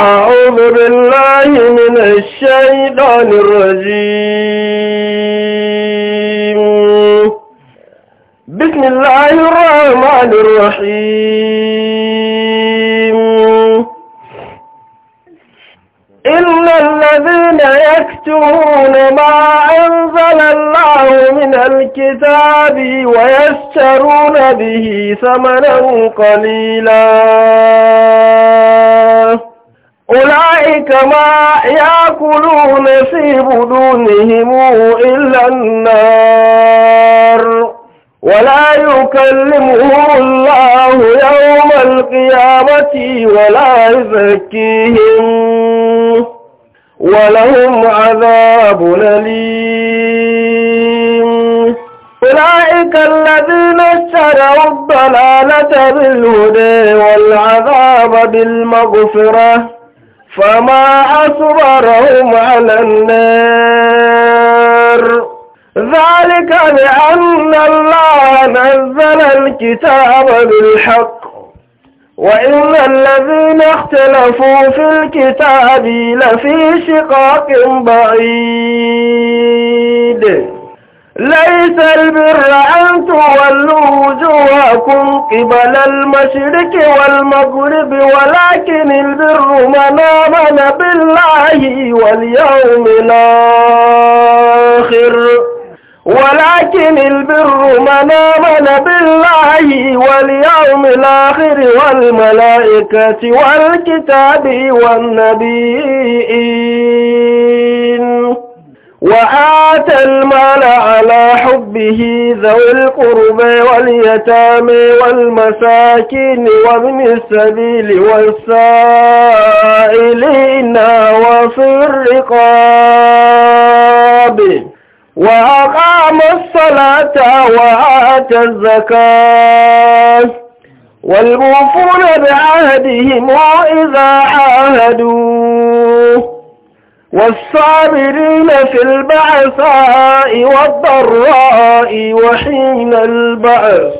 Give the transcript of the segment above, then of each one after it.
أعوذ بالله من الشيطان الرجيم بسم الله الرحمن الرحيم إلا الذين يكتمون ما أنزل الله من الكتاب ويشترون به ثمنا قليلا أولئك ما يأكلون في بدونهم إلا النار ولا يكلمهم الله يوم القيامة ولا يزكيهم ولهم عذاب أليم أولئك الذين اشتروا الضلالة بالهدى والعذاب بالمغفرة فما أصبرهم على النار ذلك لأن الله نزل الكتاب بالحق وإن الذين اختلفوا في الكتاب لفي شقاق بعيد ليس البر أن تولوا وجوهكم قبل المشرك والمغرب ولكن البر من آمن بالله واليوم الآخر ولكن البر من آمن بالله واليوم الآخر والملائكة والكتاب والنبيين وآتى المال على حبه ذوي القربى واليتامى والمساكين وابن السبيل والسائلين وفي الرقاب وأقام الصلاة وآتى الزكاة والموفون بعهدهم وإذا عاهدوا والصابرين في البعثاء والضراء وحين البعث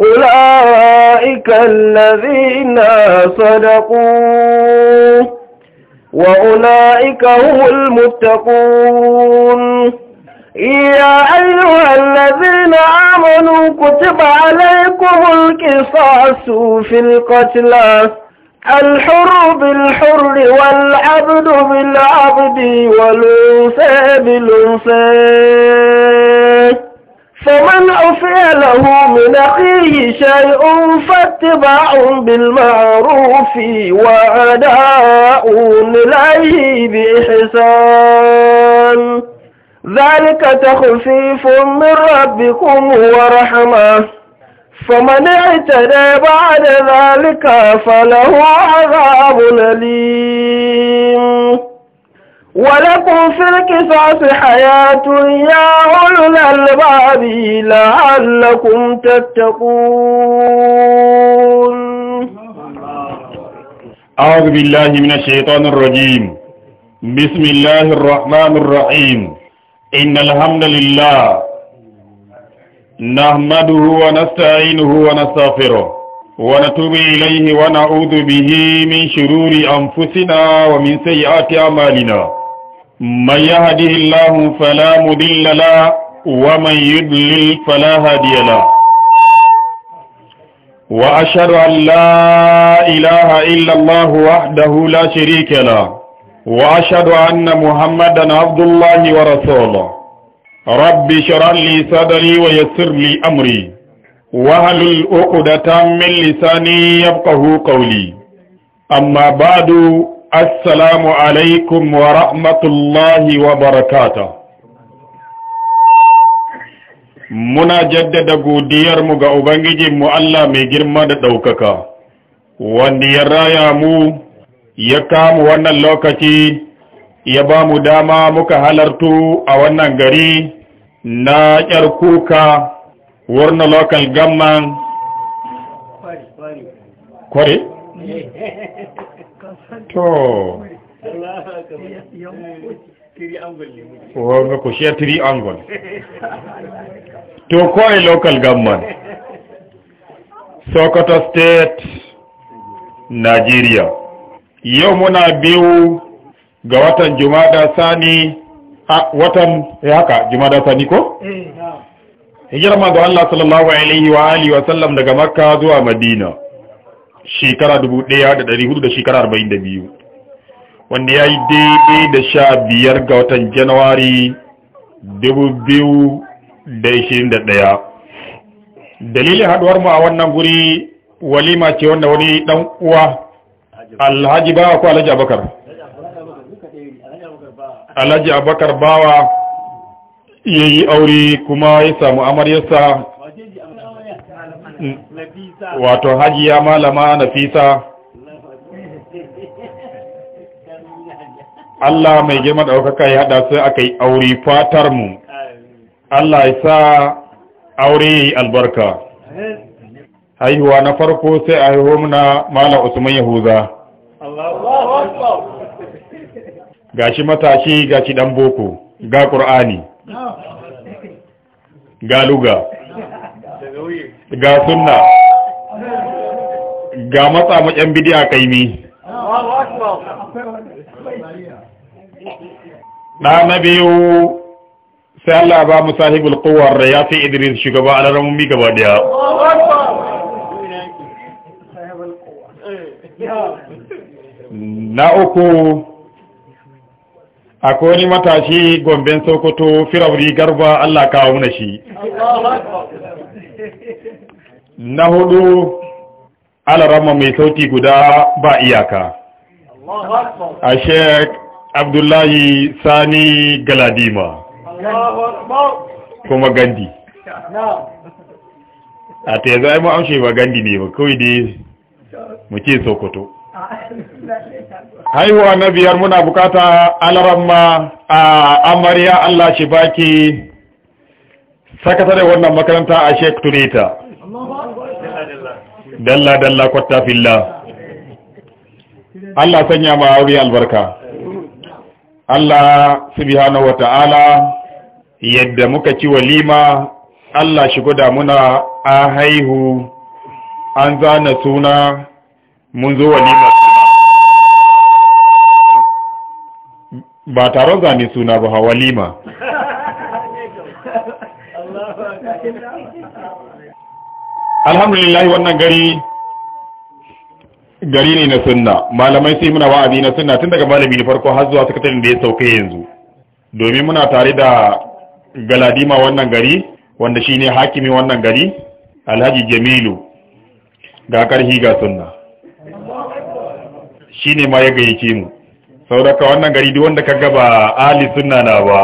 أولئك الذين صدقوا وأولئك هم المتقون يا أيها الذين آمنوا كتب عليكم القصاص في القتلى الحر بالحر والعبد بالعبد والأنثى بالأنثى فمن عفي له من أخيه شيء فاتباع بالمعروف وأداء إليه بإحسان ذلك تخفيف من ربكم ورحمه فمن اعتدى بعد ذلك فله عذاب أليم ولكم في القصاص حياة يا أولو الألباب لعلكم تتقون أعوذ بالله من الشيطان الرجيم بسم الله الرحمن الرحيم إن الحمد لله نحمده ونستعينه ونستغفره ونتوب إليه ونعوذ به من شرور أنفسنا ومن سيئات أعمالنا من يهده الله فلا مضل له ومن يضلل فلا هادي له وأشهد أن لا إله إلا الله وحده لا شريك له وأشهد أن محمدا عبد الله ورسوله rabbi shirar sadari wa yassir li amri wahalul uku da tamin min lisani ya ƙahu ƙauli amma ba du assalamu alaikum wa rahmatullahi wa barakata muna jaddada godiyarmu ga ubangijinmu Allah mai girma da ɗaukaka wanda ya raya mu ya kamu wannan lokaci ya ba mu dama muka halartu a wannan gari na ƙyar kuka wurin local gamman kwari to wanga ku triangle to kwari local gamman sokoto state nigeria yau muna biyu ga watan jumada sani a watan ya eh, haka jumada sani ko eh, hijirar manzo Allah sallallahu alaihi wa alihi wa sallam daga makka zuwa madina shekara 1400 da shekara 42 wanda ya yi daidai da sha biyar ga watan januwari 2021 dalilin haduwar mu a wannan guri walima ce wanda wani dan uwa alhaji ba ko alhaji abakar alhaji abakar bawa ya yi aure kuma ya samu amaryarsa wato hajiya malama na Fisa. Allah mai girma ɗaukaka ya haɗa sai aka yi aure fatar mu Allah ya sa aure ya yi albarka haihuwa na farko sai a haihuwa muna mala usman yahuza gashi matashi gashi dan boko ga qur'ani ga luga ga sunna ga matsa macen bidiya kaimi da na biyu sai Allah ba mu sahibul quwwar ya fi Idris shugaba alaramun mi gaba daya na uku akwai matashi gomben sokoto firauri garba Allah kawo muna shi na hudu alarama mai sauti guda ba iyaka a sheik abdullahi sani galadima kuma gandi a tezai yanzu ba gandi ne ba kawai dai mu ce sokoto haihuwa na biyar muna bukata alaramma a amarya Allah shi baki sakatare wannan makaranta a Sheikh tunita. dalla dalla kwata filla Allah sanya ma auri albarka Allah subhanahu wata'ala yadda muka ci walima Allah shi guda muna a haihu an zana suna mun zo walima ba taron zane suna ba hawalima alhamdulillahi wannan gari gari ne na sunna malamai sai muna wa'azi na sunna tun daga malami na farko har zuwa sakatarin da ya sauke yanzu domin muna tare da galadima wannan gari wanda shine hakimi wannan gari alhaji jamilu ga karhi ga sunna ne ma ya gayyace mu sauraka wannan gari duk wanda kaga ba Ali sunna na ba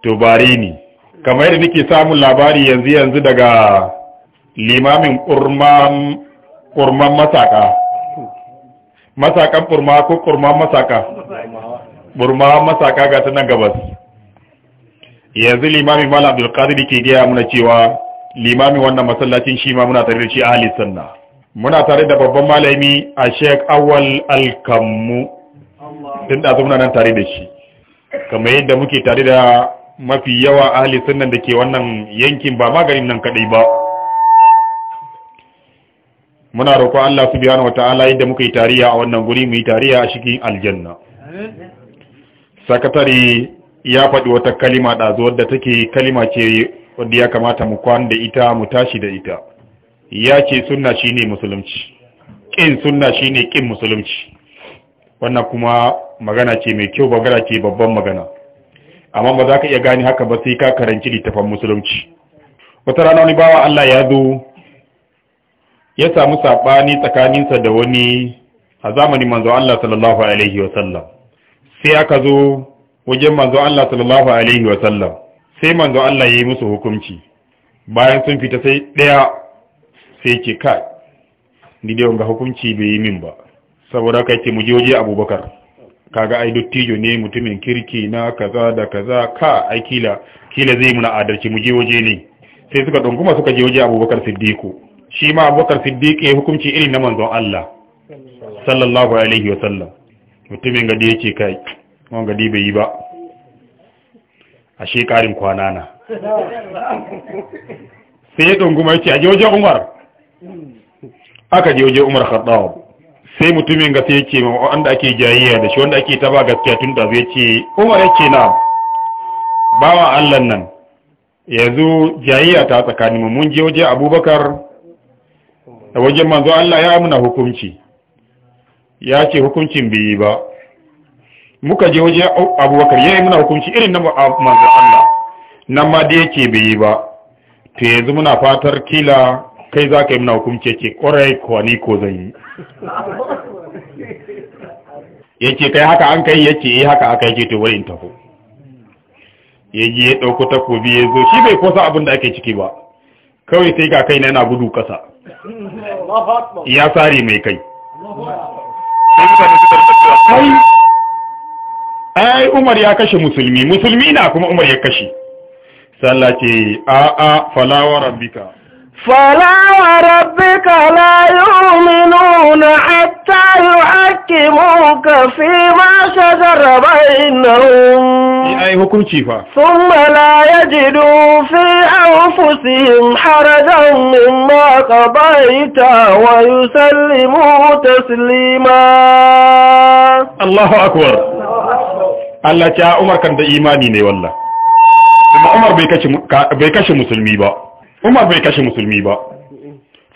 to bari ni kamar yadda nake samun labari yanzu yanzu daga limamin kurman kurman masaka masakan kurma ko kurman masaka burma masaka ga ta nan gabas yanzu limamin malam abdul qadir ke gaya muna cewa limamin wannan masallacin shi ma muna tare da shi ahli sunna muna tare da babban malami a sheikh awal al-kammu tun da zumna nan tare da shi kamar yadda muke tare da mafi yawa ahli sunna da ke wannan yankin ba maganin nan kaɗai ba muna roƙo Allah subhanahu wata'ala yadda muka yi tariya a wannan guri mu yi tariya a cikin aljanna sakatare ya faɗi wata kalima ɗazu wadda take kalima ce wadda ya kamata mu kwan da ita mu tashi da ita ya ce sunna shine musulunci ƙin sunna shine ƙin musulunci wannan kuma magana ce mai kyau magana ce babban magana amma ba za ka iya gani haka ba sai ka karanci littafan musulunci wata rana wani bawa Allah ya zo ya samu sabani tsakaninsa da wani a zamani manzo Allah sallallahu alaihi wa sallam sai aka zo wajen manzo Allah sallallahu alaihi wa sallam sai manzo Allah ya yi musu hukunci bayan sun fita sai daya sai ce kai ni dai wanga hukunci bai yi min ba saboda ka yake mu je waje abubakar kaga ai dottijo ne mutumin kirki na kaza da kaza ka ai kila kila zai muna adalci mu je waje ne sai suka dunguma suka je waje abubakar Siddiku. shi ma abubakar siddiqu ya hukunci irin na manzon Allah sallallahu alaihi wa sallam mutumin gadi yake kai mun gadi bai yi ba ashe karin kwana na sai ya dunguma yake a je waje Umar aka je waje Umar Khattab sai mutumin ga sai ce ma wanda ake jayayya da shi wanda ake ta ba gaskiya tun da zai ce Umar ce na bawa Allah nan yanzu jayayya ta tsakanin mu mun je waje Abubakar da wajen manzo Allah ya amuna hukunci ya ce hukuncin bai ba muka je waje Abubakar ya yi muna hukunci irin na manzo Allah nan ma da yake bai ba to yanzu muna fatar kila kai za ka yi muna hukunci ce kwarai kuwa ni ko zan yi yace kai haka an kai yace yi eh haka aka yake to wai in ya yaji ya dauko takobi ya zo shi bai kosa abin da ake ciki ba kawai sai ga kai na yana gudu kasa ya sare mai kai ai Umar ya kashe musulmi musulmi na kuma Umar ya kashe sallace a a falawa rabbika فلا وربك لا يؤمنون حتى يحكموك فيما شجر بينهم ثم لا يجدوا في أنفسهم حرجا مما قضيت ويسلموا تسليما الله أكبر الله تعالى عمر كان دا إيماني والله ثم عمر بيكش, م... بيكش مسلمي با Umar bai kashe musulmi ba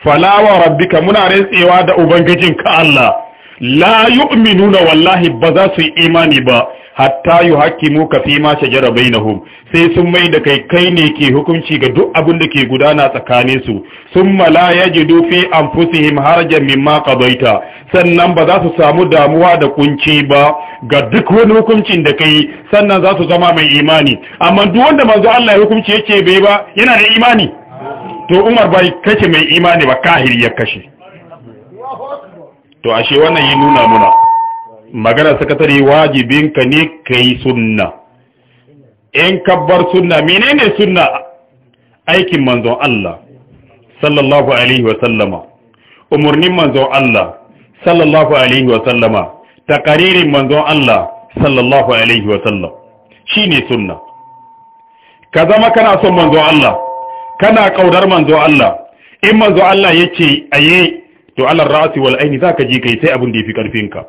falawa rabbika muna rantsewa da ubangijin ka Allah la yu'minuna wallahi ba za su yi imani ba hatta yuhaqqimu ka fi ma shajara bainahum sai sun mai da kai kai ne ke hukunci ga duk abin da ke gudana tsakanin su summa la yajidu fi anfusihim harajan mimma qadaita sannan ba za su samu damuwa da kunci ba ga duk wani hukuncin da kai sannan za su zama mai imani amma duk wanda manzo Allah ya hukunci yake bai ba yana da imani to umar bai kashe mai imani ba kahiri ya kashe to ashe wannan yi nuna muna magana sakatare wajibinka ne ka yi sunna in kabbar sunna menene sunna aikin manzon Allah sallallahu alaihi wa sallama umurnin manzon Allah sallallahu alaihi wa sallama takaririn manzon Allah sallallahu alaihi wa sallam shine sunna ka zama kana son manzon Allah kana kaudar manzo Allah in manzo Allah yace aye to alal ra'si wal aini zaka ji kai sai abun da yafi karfin ka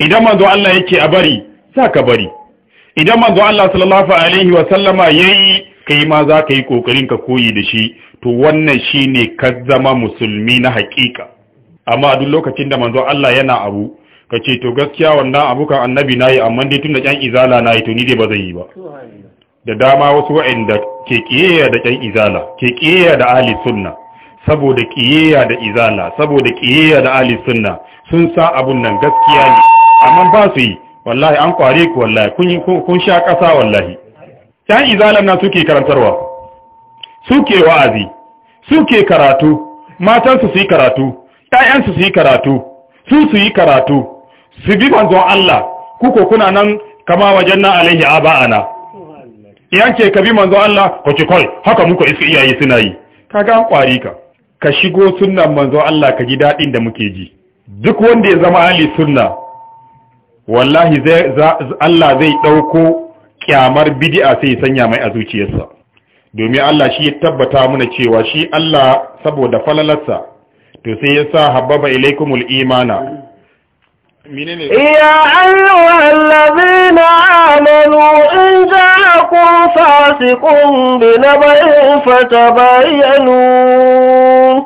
idan manzo Allah yace a bari zaka bari idan manzo Allah sallallahu alaihi wa sallama yayi kai ma zaka yi kokarin ka koyi da shi to wannan shine ka zama musulmi na hakika amma duk lokacin da manzo Allah yana abu ka to gaskiya wannan abukan annabi nayi amma dai tun da kyan izala nayi to ni dai ba zan yi ba da dama wasu wa'inda ke kiyayya da ƙyan izala ke kiyayya da ahli sunna saboda kiyayya da izala saboda kiyayya da ahli sunna sun sa abun nan gaskiya ne amma ba su yi wallahi an kware ku wallahi kun kun sha ƙasa wallahi ƙyan izalan na suke karantarwa suke wa'azi suke karatu matansu su yi karatu ƴaƴansu su yi karatu su su yi karatu su bi manzon Allah kuko kuna nan kama wajen na alaihi aba'ana yanke ce ka bi manzo Allah ko ci kai haka muka iska iyaye suna yi kaga an kwari ka ka shigo sunnan manzo Allah ka ji dadin da muke ji duk wanda ya zama ahli sunna wallahi zai Allah zai dauko kyamar bid'a sai sanya mai a zuciyarsa domin Allah shi ya tabbata mana cewa shi Allah saboda falalarsa to sai ya sa habbaba ilaikumul imana يا أيها الذين آمنوا إن جاءكم فاسق بنبأ فتبينوا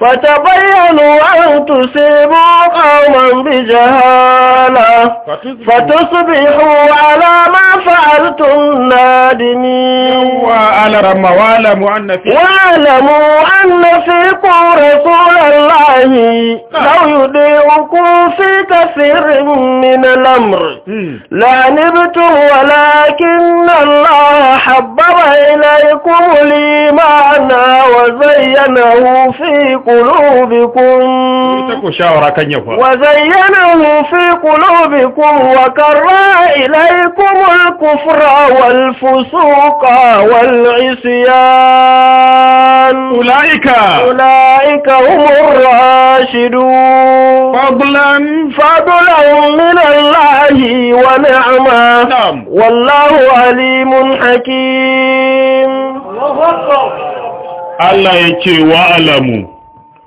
فتبينوا أن تصيبوا قوما بجهالة فتصبحوا على ما فعلتم نادمين واعلموا أن فيكم رسول الله نعم. لو يضيعكم في كثير من الأمر لعنبتم ولكن الله حبب إليكم الإيمان وزينه في قلوبكم وزينه في قلوبكم وكرى إليكم الكفر والفسوق والعصيان أولئك أولئك هم الراشدون فضلا فضلا من الله ونعمة نعم. والله عليم حكيم الله أكبر Allah ya ce wa alamu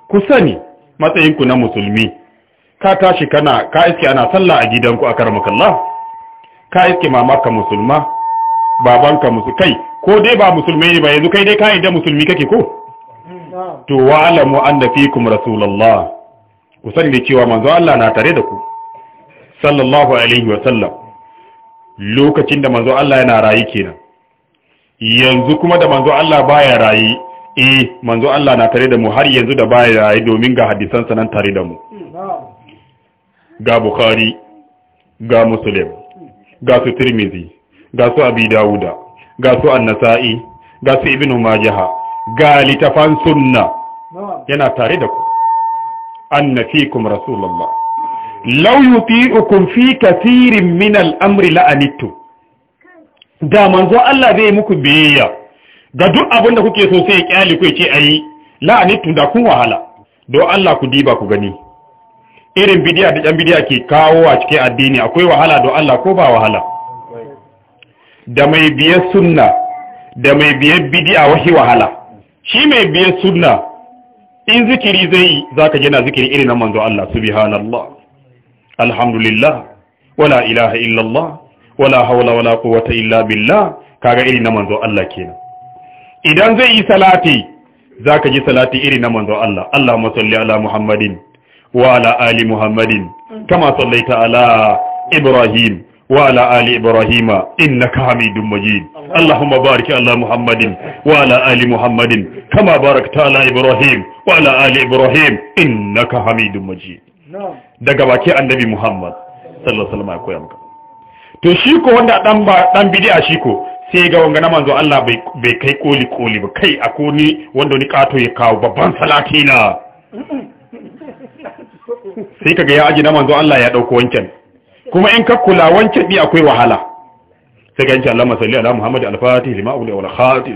ku sani matsayinku na musulmi ka tashi kana ka iske ana sallah a gidanku a karmakallah ka iske mamarka musulma babanka musu kai ko dai ba musulmi ne ba yanzu kai dai ka yi da musulmi kake ko to wa alamu anna fikum rasulullah ku sani da cewa manzo Allah na tare da ku sallallahu alaihi wa sallam lokacin da manzo Allah yana rayi kenan yanzu kuma da manzo Allah baya rayi eh manzo Allah na tare da mu har yanzu da baya yayi domin ga hadisan nan tare da mu ga bukhari ga muslim ga su tirmizi ga su abi dawuda ga su an-nasa'i ga su ibnu majah ga litafan sunna yana tare da ku anna fiikum rasulullah law yuti'ukum fi kathirin min al-amri la'anittu da manzo Allah zai muku biyayya ga duk abin da kuke so sai ya kyale ku ce ayi la'ani da kun wahala don Allah ku diba ku gani irin bidiya da ɗan bidiya ke kawo a cikin addini akwai wahala don Allah ko ba wahala da mai biye sunna da mai biyar bidiya wahi wahala shi mai biyar sunna in zikiri zai yi za ka gina zikiri irin na manzo Allah subhanallah alhamdulillah wala ilaha illallah wala hawla wala quwwata illa billah kaga irin na manzo Allah kenan idan zai yi salati zaka ji salati iri na manzo Allah Allahumma salli ala Muhammadin wa ala ali Muhammadin kama sallaita ala Ibrahim وعلى آل إبراهيم إنك حميد مجيد اللهم بارك على محمد وعلى آل محمد كما باركت على إبراهيم وعلى آل إبراهيم إنك حميد مجيد daga baki annabi Muhammad sallallahu alaihi wasallam ya koya maka to shi ko wanda dan dan bid'a shi ko sai ga wanga na manzo Allah bai kai koli koli ba kai a koni wanda wani kato ya kawo babban salati na sai kaga ya aji na manzo Allah ya dauko wancan kuma in ka kula wancan bi akwai wahala sai ga yanci Allah masalli ala Muhammad al-Fatih lima abu wal khatim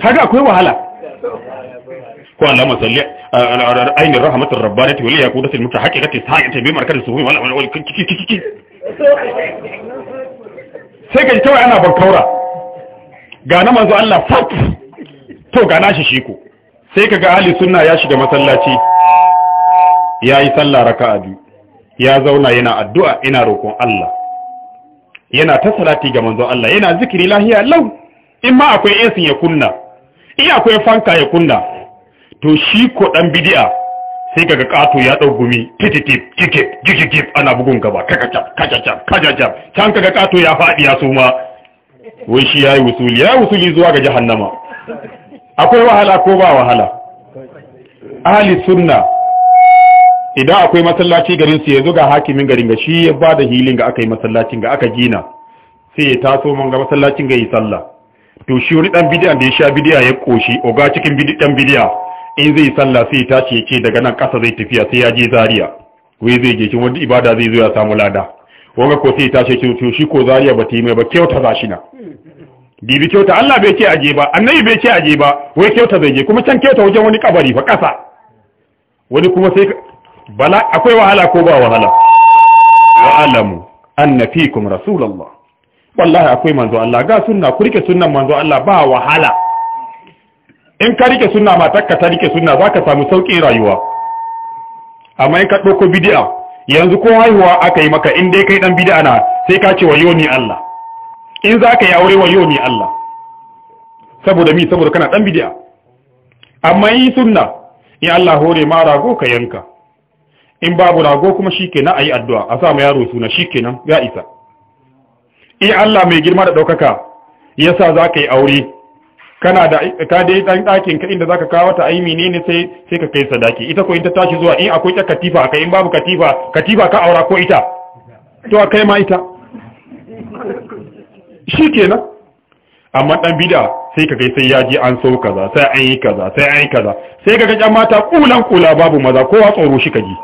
kaga akwai wahala ko Allahumma salli ala ainihi rahmatir rabbanati wal yaqudatil mutahaqqiqati sa'ati bi markati suhumi wal wal sai ga ji ana bankaura ga na manzo Allah fat to ga nashi shi ko sai kaga ahli sunna ya shiga masallaci yayi sallah raka'a biyu ya zauna yana addu'a ina roƙon Allah yana ta salati ga manzo Allah yana zikiri lahiya lau in ma akwai esin ya kunna in akwai fanka ya kunna to shi ko dan bid'a sai kaga kato ya dau gumi tititip tikip jikikip ana bugun gaba kakacap kakacap kakacap can kaga kato ya fadi ya suma wai shi yayi wusuli yayi wusuli zuwa ga jahannama akwai wahala ko ba wahala ahli sunna idan akwai masallaci garin su yazo ga hakimin garin ga shi ya bada healing ga akai masallacin ga aka gina sai ya taso man ga masallacin ga yi sallah to shi wani dan bid'a da ya sha bid'a ya koshi oga cikin dan bid'a in zai sallah sai ta ce ce daga nan ƙasa zai tafiya sai ya je Zariya. wai zai je shi wani ibada zai zo ya samu lada wanga ko sai ta ce ce shi ko Zariya ba ta yi mai ba kyauta za shi na bibi kyauta Allah bai ce aje ba annabi bai ce aje ba wai kyauta zai je kuma can kyauta wajen wani kabari fa ƙasa wani kuma sai bala akwai wahala ko ba wahala wa alamu anna fikum rasulullah wallahi akwai manzo Allah ga sunna ku rike sunnan manzo Allah ba wahala in ka rike sunna matarka ta rike sunna za ka samu sauƙin rayuwa amma in ka ɗauko bidi'a yanzu ko haihuwa aka yi maka in dai kai ɗan bidi'a na sai ka ce wa yoni Allah in za ka yi aure wa yoni Allah saboda mi saboda kana ɗan bidi'a amma yi sunna in Allah hore ma rago ka yanka in babu rago kuma shikenan ayi addu'a a sa ma yaro suna shikenan ya isa in Allah mai girma da ɗaukaka yasa za ka yi aure kana da ka dai dan dakin ka inda zaka kawo ta ai menene sai sai ka kai sadaki ita ko in ta tashi zuwa in akwai katifa akai in babu katifa katifa ka aura ko ita to kai ma ita shikenan amma dan bida sai ka kai sai yaji an so kaza sai an yi kaza sai an yi kaza sai kaga ƴan mata kulan kula babu maza kowa tsoro shi kaji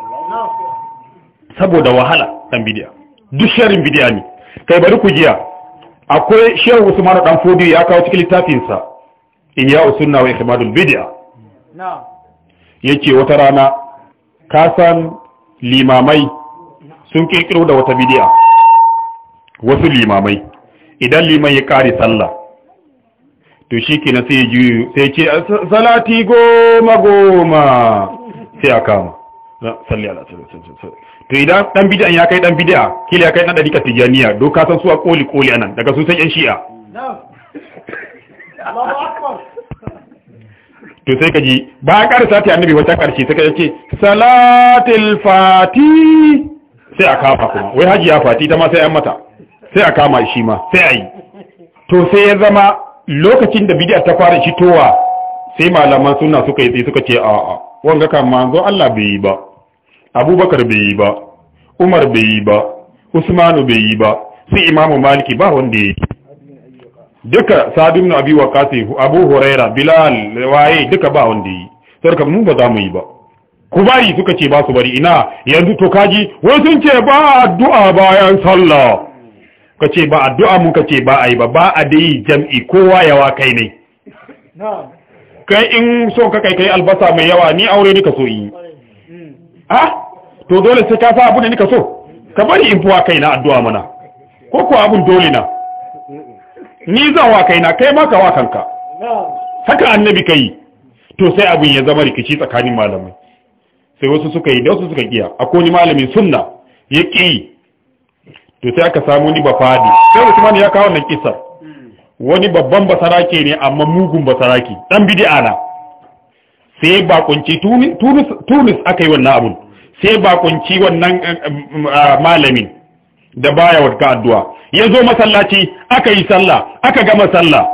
saboda wahala dan bidiya duk sharin bidiya ne kai bari ku jiya akwai shehu usman dan fodi ya kawo cikin littafinsa iya sunna wa ikhmadul bid'a yace wata rana ka san limamai sun kirkiro da wata bid'a wasu limamai idan liman ya kare sallah to shikenan sai ya sai ce salati goma goma sai aka kama salli ala to idan dan bid'a ya kai dan bid'a kila ya kai na dariƙa tijaniya do ka san su a koli koli anan daga su san yan shi'a to sai ka ji ba a ƙara sati annabi wata ƙarshe sai ka yake fati sai a kafa kuma wai haji ya fati ta ma sai an mata sai a kama shi ma sai a yi to sai ya zama lokacin da bidiyar ta fara shitowa sai malaman suna suka yi tsaye suka ce a'a wanga kan zo Allah bai yi ba Abubakar bai yi ba Umar bai yi ba Usmanu bai yi ba sai Imamu Maliki ba wanda ya yi duka sa'ad ibn abi waqas abu huraira bilal waye duka ba wanda yi ka mu ba za mu yi ba ku bari suka ce ba su bari ina yanzu to kaji wai sun ce ba addu'a bayan sallah ka ce ba addu'a mun ka ce ba ai ba ba a dai jam'i kowa yawa kai ne kai in so ka kai kai albasa mai yawa ni aure nika so yi ha to dole sai ka sa abu da nika so ka bari in fuwa kai na addu'a mana ko ko abun dole na ni zan wa kaina kai ma ka wa kanka haka annabi kai to sai abin ya zama rikici tsakanin malamai sai wasu suka yi da wasu suka kiya akwai malamin sunna ya ki to sai aka samu ni bafadi sai Usman ya kawo wannan kisar wani babban basarake ne amma mugun basarake dan bid'a na sai kunci Tunis Tunis akai wannan abun sai kunci wannan eh, eh, eh, malamin da baya ka addu'a ya zo masallaci aka yi sallah aka gama sallah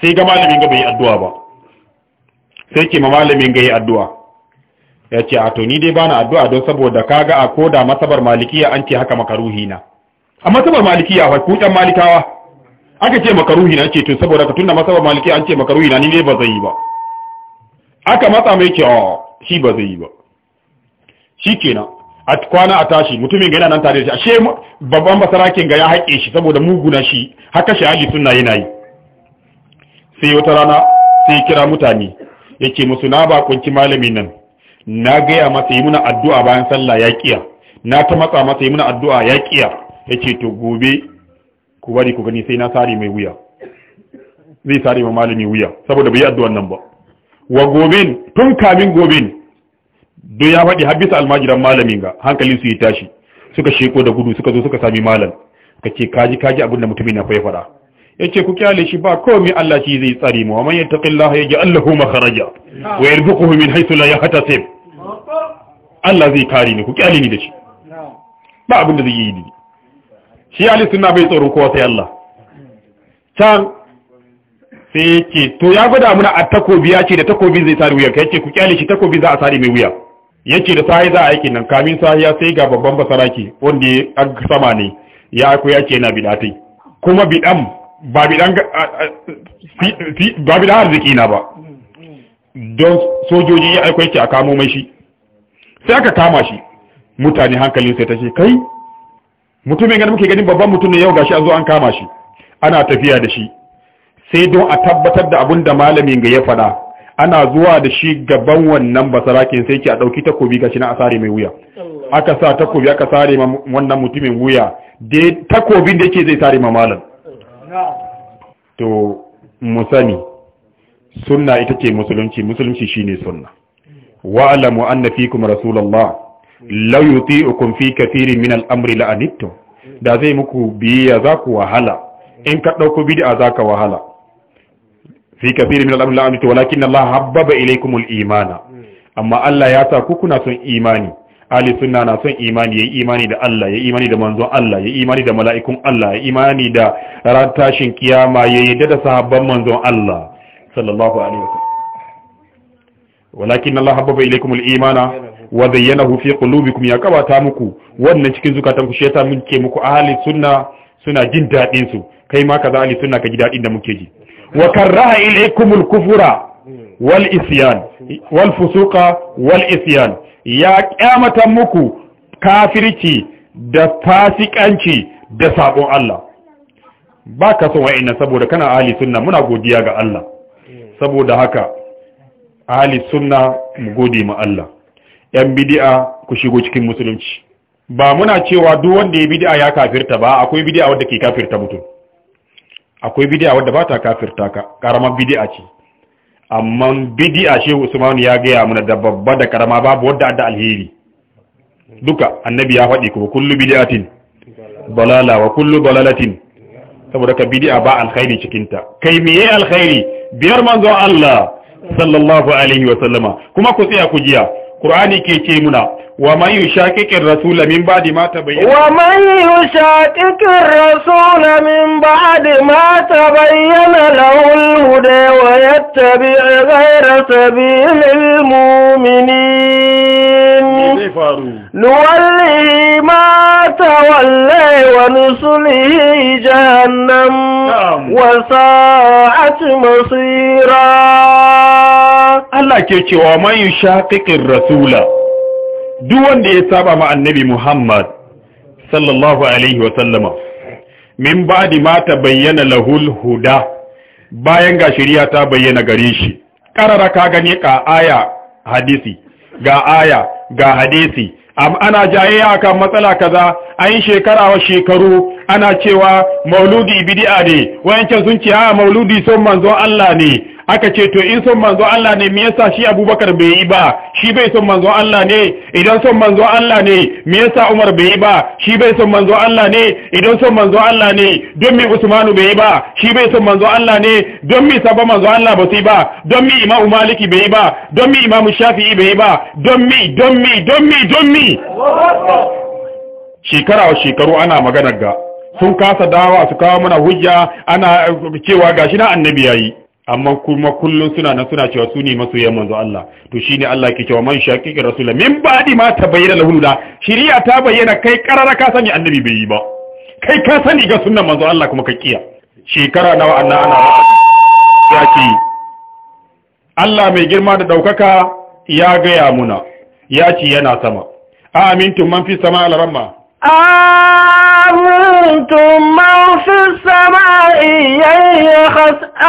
sai ga malamin ga bai addu'a ba sai ke ma malamin ga yi addu'a ya ce a to ni dai bana addu'a don saboda kaga a koda masabar malikiya an ce haka makaruhi na a masabar malikiya wai kuɗan malikawa aka ce makaruhi na ce to saboda ka tunda masabar malikiya an ce makaruhi na ni ne ba zai yi ba aka matsa mai ce shi ba zai yi ba shi kenan a kwana a tashi mutumin ga yana nan tare da shi ashe babban basarakin ga ya haƙe shi saboda muguna shi haka shi haji sunna yana yi sai wata rana sai kira mutane yake musu na ba kunki malamin nan na gaya masa yi muna addu'a bayan sallah ya kiya na ta matsa masa yi muna addu'a ya kiya yace to gobe ku bari ku gani sai na sare mai wuya zai sare ma malami wuya saboda bai addu'an nan ba wa gobe tun kamin gobin duk ya faɗi habisa almajiran malamin ga hankalin su yi tashi suka sheko da gudu suka zo suka sami malam ka ce kaji kaji abin da mutumin na fai ya ya ce ku kyale shi ba komai Allah shi zai tsare mu amma yattaqillaha yaj'al lahu makharaja wa yarzuquhu min haythu la yahtasib Allah zai kare ni ku kyale ni da shi ba abin da zai yi ni shi ali sunna bai tsoron kowa sai Allah can sai ce to ya gwada muna a takobi ya ce da takobi zai sare wuya kai ce ku kyale shi takobi za a sare mai wuya yake da sahi za a aikin nan kamin sahiya sai ga babban basaraki wanda ya sama ne ya aiko ya ce na bidatai kuma bidan ba bidan ba arziki na ba don sojoji ya aiko yake a kamo mai shi sai aka kama shi mutane hankalin sai ta ce kai mutumin ganin muke ganin babban mutum ne yau gashi an zo an kama shi ana tafiya da shi sai don a tabbatar da abin da malamin ga ya faɗa ana zuwa da shi gaban wannan basarakin sai ke a ɗauki takobi ga shi na a mai wuya aka sa takobi aka sare ma wannan mutumin wuya dai takobin da yake zai sare ma malam to mu sani sunna ita ce musulunci musulunci shine sunna wa'lamu anna fikum rasulullah law yuti'ukum fi kathirin min al-amri la'anittum da zai muku biya za ku wahala in ka dauko bid'a za ka wahala fi kathiri min al-amri la antu walakin Allah habbaba ilaykumul imana amma Allah ya sa ku kuna son imani Ali sunna na son imani yayi imani da Allah yayi imani da manzon Allah yayi imani da mala'ikun Allah yayi imani da ran tashin kiyama yayi yadda da sahabban manzon Allah sallallahu alaihi wasallam walakin Allah habbaba ilaykum al-imana wa zayyanahu fi qulubikum ya kabata muku wannan cikin zukatanku shi yasa muke muku ahli sunna suna jin dadin su kai ma kaza Ali sunna ka ji dadin da muke ji wa karraha ilaykumul kufra wal isyan wal fusuqa wal isyan ya kyamata muku kafirci da fasikanci da saɓon Allah ba ka son wa'ina saboda kana ahli sunna muna godiya ga Allah saboda haka ahli sunna mu gode ma Allah yan bidi'a ku shigo cikin musulunci ba muna cewa duk wanda ya bidi'a ya kafirta ba akwai bidi'a wanda ke kafirta mutum akwai bidi'a wadda ba ta kafirta ka karamar bidi'a ce amma bidi'a ce usman ya gaya mana da babba da karama babu wadda adda alheri duka annabi ya faɗi kuma kullu bidi'atin balala wa kullu balalatin saboda ka bidi'a ba alkhairi cikin ta kai meye alkhairi biyar manzo Allah sallallahu alaihi wa sallama kuma ku tsaya ku jiya qur'ani ke ce muna ومن يشاكك الرسول من بعد ما تبين ومن يشاكك الرسول من بعد ما تبين له الهدى ويتبع غير سبيل المؤمنين نوله ما تولى ونصلي جهنم نعم. وساعت مصيرا الله كيكي ومن يشاكك الرسول duk wanda ya saba ma annabi Muhammad sallallahu alaihi wa sallama min ba'di ma bayyana lahul huda bayan ga shari'a ta bayyana gare shi karara ka gani ka aya hadisi ga aya ga hadisi am ana jaye aka matsala kaza ayin shekara wa shekaru ana cewa mauludi bid'a ne wayancan sun ce a ah, mauludi son manzon Allah ne aka ce to in son manzo Allah ne me yasa shi Abubakar bai yi ba shi bai son manzo Allah ne idan son manzo Allah ne me yasa Umar bai yi ba shi bai son manzo Allah ne idan son manzo Allah ne don me Usmanu bai yi ba shi bai son manzo Allah ne don me saba manzo Allah ba su yi ba don me Imam Maliki bai yi ba don me Imam Shafi'i bai yi ba don me don me don me don me shekara wa shekaru ana maganar ga sun kasa dawa su kawo mana hujja ana cewa gashi na annabi yayi amma kuma kullum suna nan suna cewa su ne masoyan manzo Allah to shi ne Allah ke cewa man shaqiqi rasula min ba'di ma tabayyana lahu da Shirya ta bayyana kai karara ka sani annabi bai yi ba kai ka sani ga sunnan manzo Allah kuma ka kiya shekara nawa annan ana yaki Allah mai girma da ɗaukaka ya gaya muna ya ce yana sama a amintun man fi sama al-ramma أمنتم من في السماء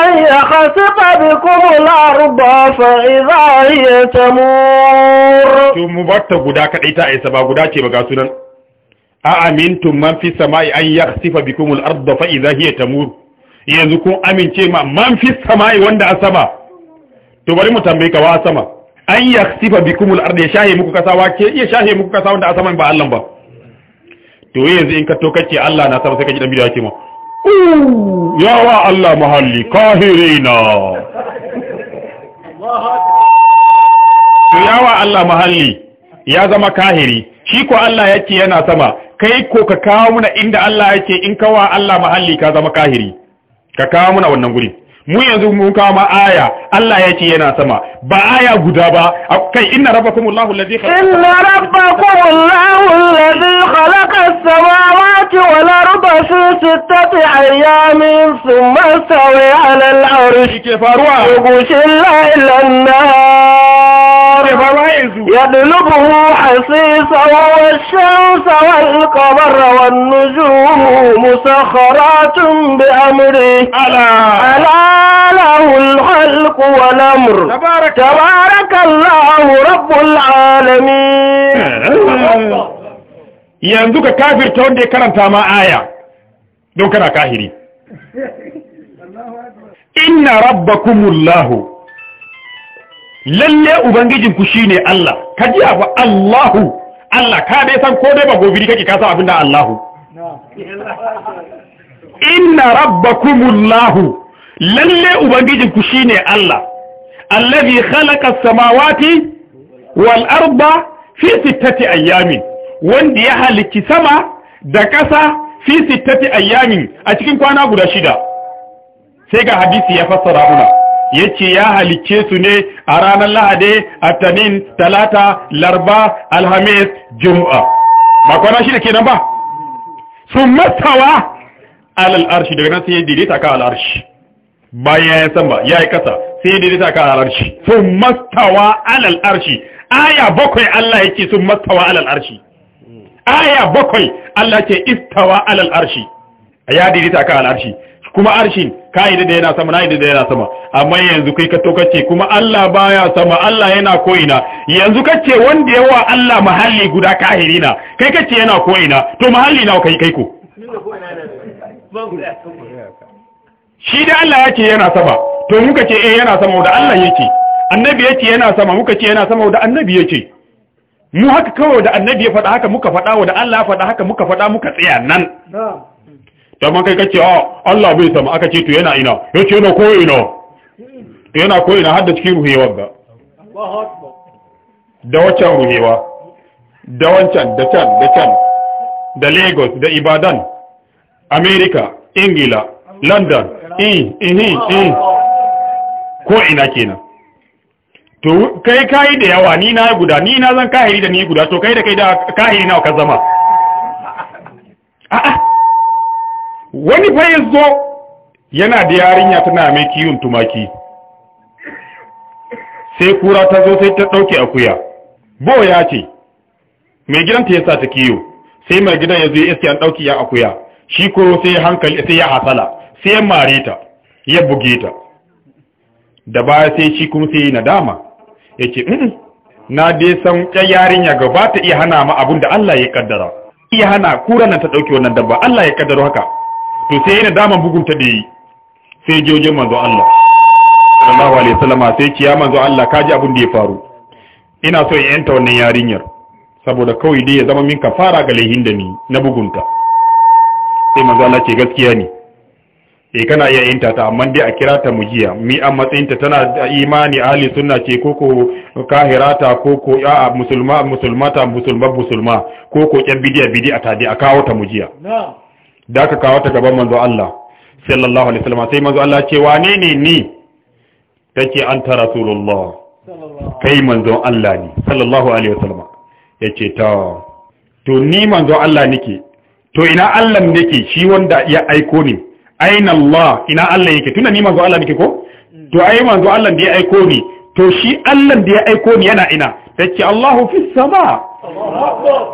أن يخسف بكم الأرض فإذا هي تمور to mu batta guda kadai ta isa ba guda ce ba ga sunan a amintum man fi samai an yakhsifa bikum al-ardh fa idha hiya tamur yanzu kun amince ma man fi samai wanda a sama to bari mu tambaye ka wa sama an yakhsifa bikum al-ardh ya shahe muku kasa wa ke ya shahe muku kasa wanda a saman ba Allah ba to yanzu in ka to kake Allah na sama sai ka ji dan bidiyo yake ma ya wa Allah mahalli kahirina to ya wa Allah mahalli ya zama kahiri shi ko Allah yake yana sama kai ko ka kawo muna inda Allah yake in ka wa Allah mahalli ka zama kahiri ka kawo muna wannan guri mu yanzu mun kawo ma aya Allah ya ce yana sama ba aya guda ba kai inna rabbakumullahu alladhi khalaqa inna rabbakumullahu alladhi khalaqa as-samawati wal arda fi sittati ayamin thumma istawa 'ala al-'arshi kifaruwa faruwa yughshi al-laila an-nahar يا دلبه والشمس والقمر والنجوم مسخرات بأمره ألا ألا له الخلق والأمر تبارك, الله رب العالمين يا ذوك كافر توندي كرم تاما آية دوك أنا كاهري إن ربكم الله lalle ubangijinku shine Allah ka ji abu Allahu Allah ka dai san ko dai ba gobe kake ka san abinda Allahu inna rabbakumullahu lalle ubangijinku shine Allah allazi khalaqa samawati wal arda fi sittati ayyamin wanda ya halicci sama da ƙasa fi sittati ayyamin a cikin kwana guda shida sai ga hadisi ya fassara muna yace ya halicce su ne a ranar lahade atanin talata larba alhamis jumu'a ba kwana shi da kenan ba sun matawa alal arshi daga nan sai ya ta ka alal arshi bayan ya san ba ya yi kasa sai ya ta ka alal arshi sun matawa alal arshi aya bakwai Allah yake sun matawa alal arshi aya bakwai Allah ke istawa alal arshi ya ta ka alal arshi kuma arshin ka yi da yana sama na yi da yana sama amma yanzu kai ka tokace kuma Allah baya sama Allah yana ko'ina yanzu kace wanda yawa Allah mahalli guda kahirina kai kace yana ko'ina to mahalli nawa kai kai ko shi da Allah yake yana sama to muka ce eh yana sama da Allah yake annabi yake yana sama muka ce yana sama da annabi yake mu haka kawai da annabi ya faɗa haka muka faɗa wa da Allah ya faɗa haka muka faɗa muka tsaya nan ta ma kai kace a ah, Allah bai sama aka ce to yana ina yace yana ko ina to yana ko ina hadda cikin ruhewar ga da wancan ruhewa da wancan da can da can da Lagos da Ibadan America Ingila London eh eh eh ko ina kenan to kai kai da yawa ni na guda ni na zan kai da ni guda to kai da kai da kai na ka zama a wani fa ya zo yana da yarinya tana mai kiwon tumaki sai kura ta zo sai ta ɗauke akuya bo ya ce mai gidanta ya sa ta kiyo sai mai gidan ya zo ya iske an ɗauki ya akuya shi koro sai ya hankali sai ya hasala sai ya mare ta ya buge ta da baya sai shi kuma sai ya nadama ya ce na dai san ta yarinya gaba ta iya hana ma abun da Allah ya kaddara iya hana kura nan ta ɗauki wannan dabba Allah ya kaddaro haka to sai yana daman bugunta da yi sai je manzo Allah sallallahu alaihi wasallam sai kiya manzo Allah kaji abun da ya faru ina so in yanta wannan yarinyar saboda kawai dai ya zama min kafara ga laihin da ni na bugunta sai manzo Allah ce gaskiya ne eh kana iya yanta ta amma dai a kira ta mujiya mi an matsayin ta tana da imani ahli sunna ce koko kahirata koko a musulma musulmata musulma musulma koko kyan bidiya bidiya ta dai a kawo ta mujiya na'am da aka kawo ta gaban manzo Allah sallallahu alaihi wasallam sai manzo Allah ce wane ne ni an ta rasulullah kai manzo Allah ne sallallahu alaihi wasallam yace ta to ni manzo Allah nake to ina Allah nake shi wanda ya aiko ni aina Allah ina Allah yake tunda ni manzo Allah nake ko to ai manzo Allah da ya aiko ni to shi Allah da ya aiko ni yana ina tace Allahu fis sama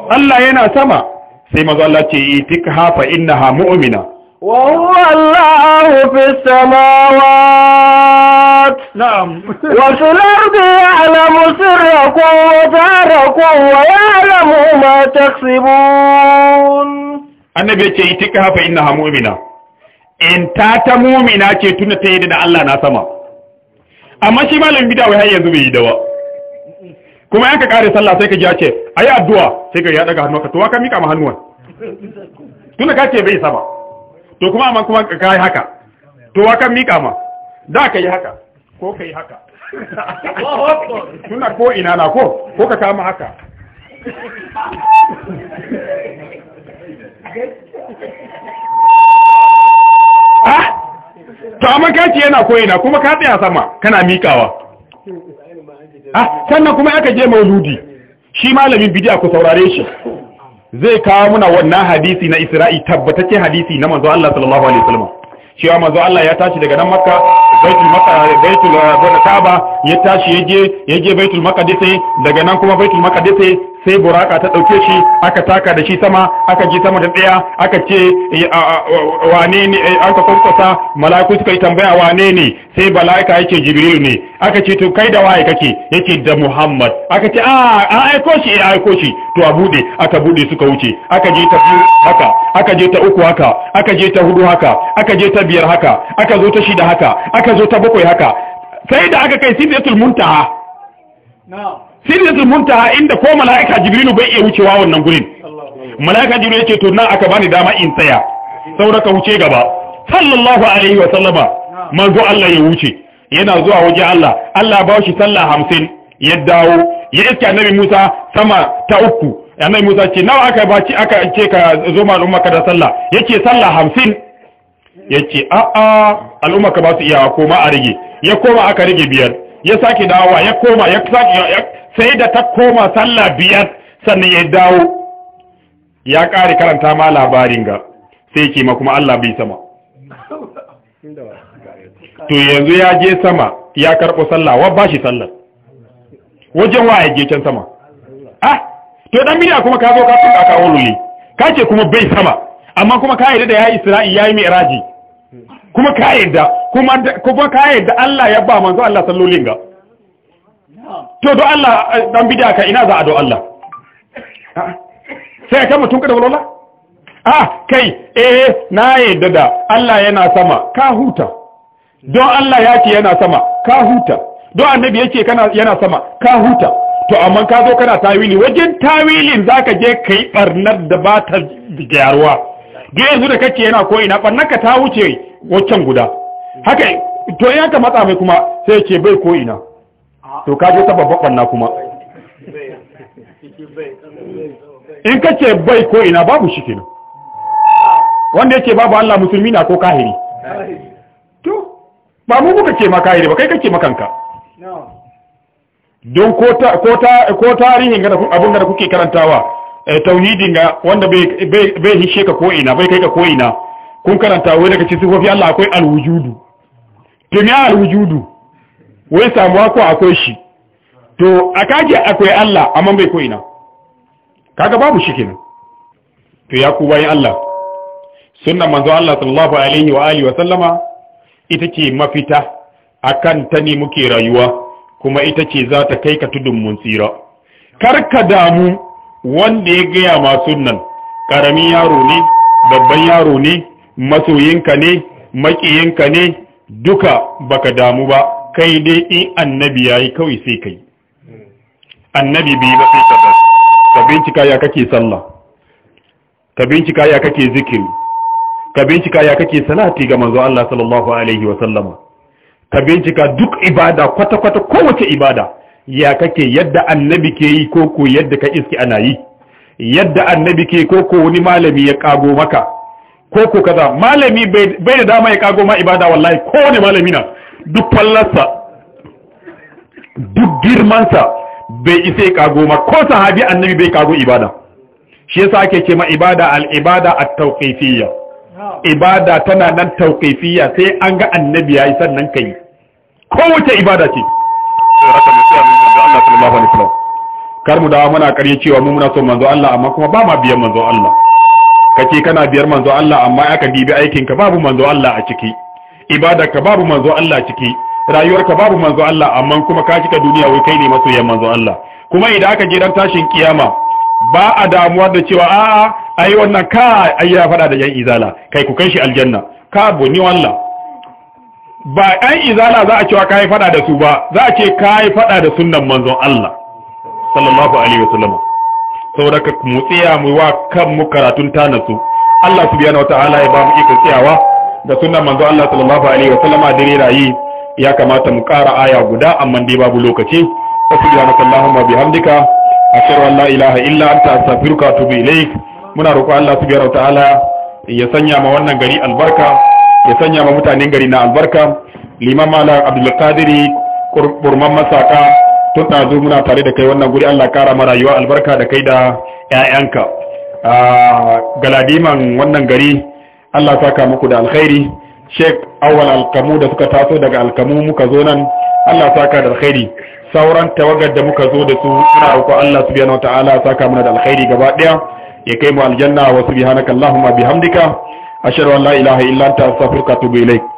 Allah yana sama sai maza Allah ce itikha fa innaha mu'mina annabi ce itikha fa mu'mina in ta ta mu'mina ce yi da Allah na sama amma shi malamin bid'a wai har yanzu bai yi dawa kuma yanka kare sallah sai ka ji ya ce ayi addu'a sai ka ya daga hannu ka to ka mika ma hannuwan tun da kake bai saba to kuma amma kuma ka kai haka to ka mika ma da ka yi haka ko ka yi haka tuna ko ina na ko ko ka kama haka ah to amma kake yana ko ina kuma ka tsaya sama kana mikawa a sannan kuma aka je mauludi shi malamin bidiya ku saurare shi zai kawo muna wannan hadisi na Isra'i tabbatacce hadisi na manzo Allah sallallahu alaihi wasallam cewa manzo Allah ya tashi daga nan Makka Baitul Makka Baitul eh, Kaaba ya tashi yaje yaje Baitul sai daga nan kuma Baitul sai sai buraka ta dauke shi aka taka da shi sama aka ji sama da daya aka ce wane ne eh, aka kwakwasa mala'iku suka yi tambaya wane ne sai bala'ika yake jibril ne aka ce to kai da waye kake yake da muhammad aka ce a a aiko shi eh, a aiko shi to a bude aka bude suka wuce aka je ta biyu haka aka je ta uku haka aka je ta hudu haka aka je ta biyar haka aka zo ta shida haka aka zo ta bakwai haka sai da aka kai sidratul muntaha na'am sirrul muntaha inda ko mala'ika jibrilu bai iya wucewa wannan gurin mala'ika jibrilu yace to nan aka bani dama in tsaya sauraka wuce gaba sallallahu alaihi wa sallama manzo Allah ya wuce yana zuwa waje Allah Allah ba shi sallah hamsin ya dawo ya iska annabi Musa sama ta uku annabi Musa ce nawa aka ba ci aka ce ka zo ma al'umma ka da sallah yace sallah hamsin yace a a al'umma ka ba su iya koma a rage ya koma aka rage biyar ya sake dawowa ya koma ya sake sai da ta koma sallah biyar sannan ya dawo ya ƙare karanta ma labarin ga sai ke kuma Allah bai sama to yanzu ya je sama ya karɓo sallah wa ba shi sallar wajen wa ya je can sama ah to dan bidiya kuma ka zo ka tuka ka wululi ka ce kuma bai sama amma kuma ka yarda da ya isra'i ya yi mi'raji kuma ka yarda kuma kuma ka yarda Allah ya ba manzo Allah sallolin ga to do Allah eh, dan bid'a ka ina za a do Allah sai ka mutun ka da walwala ah kai eh na yadda da Allah yana sama ka huta don Allah ya ce yana sama ka huta don annabi yake kana yana sama ka huta to amma ka zo kana tawili wajen tawilin zaka je kai barnar da ba ta gyaruwa ga yanzu da kake yana ko ina barnar ka ta wuce wancan guda haka to ya ka matsa mai kuma sai ce bai ko ina to kaje ta babban banna kuma in kace bai ko ina babu shi kenan wanda yake babu Allah musulmi na ko kahiri to ba mu buka ce ma kahiri ba kai kake ma kanka don ko ta ko ta ko tarihin ga abun da kuke karantawa eh, tauhidin ga wanda bai bai hishe ka ko ina bai kai ka ko ina kun karanta wai daga cikin sifofi Allah akwai alwujudu to me alwujudu wai samuwa ko akwai shi to a kaje akwai Allah amma bai ko ina kaga babu shi kenan to ya ku bayin Allah sunnan manzo Allah sallallahu alaihi wa alihi wa sallama ita ce mafita akan ta ne muke rayuwa kuma ita ce za ta kai ka tudun mun tsira kar ka damu wanda ya gaya ma sunnan karamin yaro ne babban yaro ne masoyinka ne makiyinka ne duka baka damu ba kai dai in annabi ya yi kawai sai kai annabi bai ba sai ka ka bincika ya kake sallah ka bincika ya kake zikiri ka bincika ya kake salati ga manzo Allah sallallahu alaihi wa sallama ka bincika duk ibada kwata kwata kowace ibada ya kake yadda annabi ke yi ko ko yadda ka iski ana yi yadda annabi ke ko ko wani malami ya kago maka ko ko kaza malami bai da dama ya kago ma ibada wallahi ko wani malami na duk fallarsa duk girmansa bai isa kago ma ko sahabi annabi bai kago ibada shi yasa ake ce ma ibada al-ibada at-tawqifiyya ibada tana nan tawqifiyya sai an ga annabi yayi sannan kai kowace ibada ce kar mu dawo muna ƙarye cewa mu muna son manzo Allah amma kuma ba ma biyan manzo Allah kace kana biyar manzo Allah amma aka dibi aikin ka babu manzo Allah a ciki ibada ka babu manzo Allah ciki rayuwarka babu manzo Allah amma kuma ka cika duniya wai kai ne masoyan manzo Allah kuma idan aka je dan tashin kiyama ba a damuwa da cewa a ai wannan ka ai ya fada da yan izala kai ku kai shi aljanna ka ni wallah ba an izala za a cewa kai fada da su ba za a ce kai fada da sunnan manzon Allah sallallahu alaihi wasallam saboda ka mutsiya mu wa kan mu karatun tanasu Allah subhanahu wataala ya ba mu ikon tsayawa da sunan manzo Allah sallallahu alaihi wa sallama da rayi ya kamata mu ƙara aya guda amma dai babu lokaci subhanaka allahumma bihamdika ashhadu an la ilaha illa anta astaghfiruka wa atubu ilaik muna roƙo Allah subhanahu wa ta'ala ya sanya ma wannan gari albarka ya sanya ma mutanen gari na albarka liman malam abdul kurman masaka tun ɗazu muna tare da kai wannan guri Allah kara ma rayuwa albarka da kai da 'ya'yanka ah, galadiman wannan gari Allah saka muku da alkhairi Sheikh Awal Alkamu da suka taso daga Alkamu muka zo nan Allah saka da alkhairi sauran tawagar da muka zo da su ina roƙo Allah subhanahu wataala saka mana da alkhairi gaba daya ya kai mu aljanna wa subhanakallahumma bihamdika ashhadu an la ilaha illa anta astaghfiruka wa atubu ilaik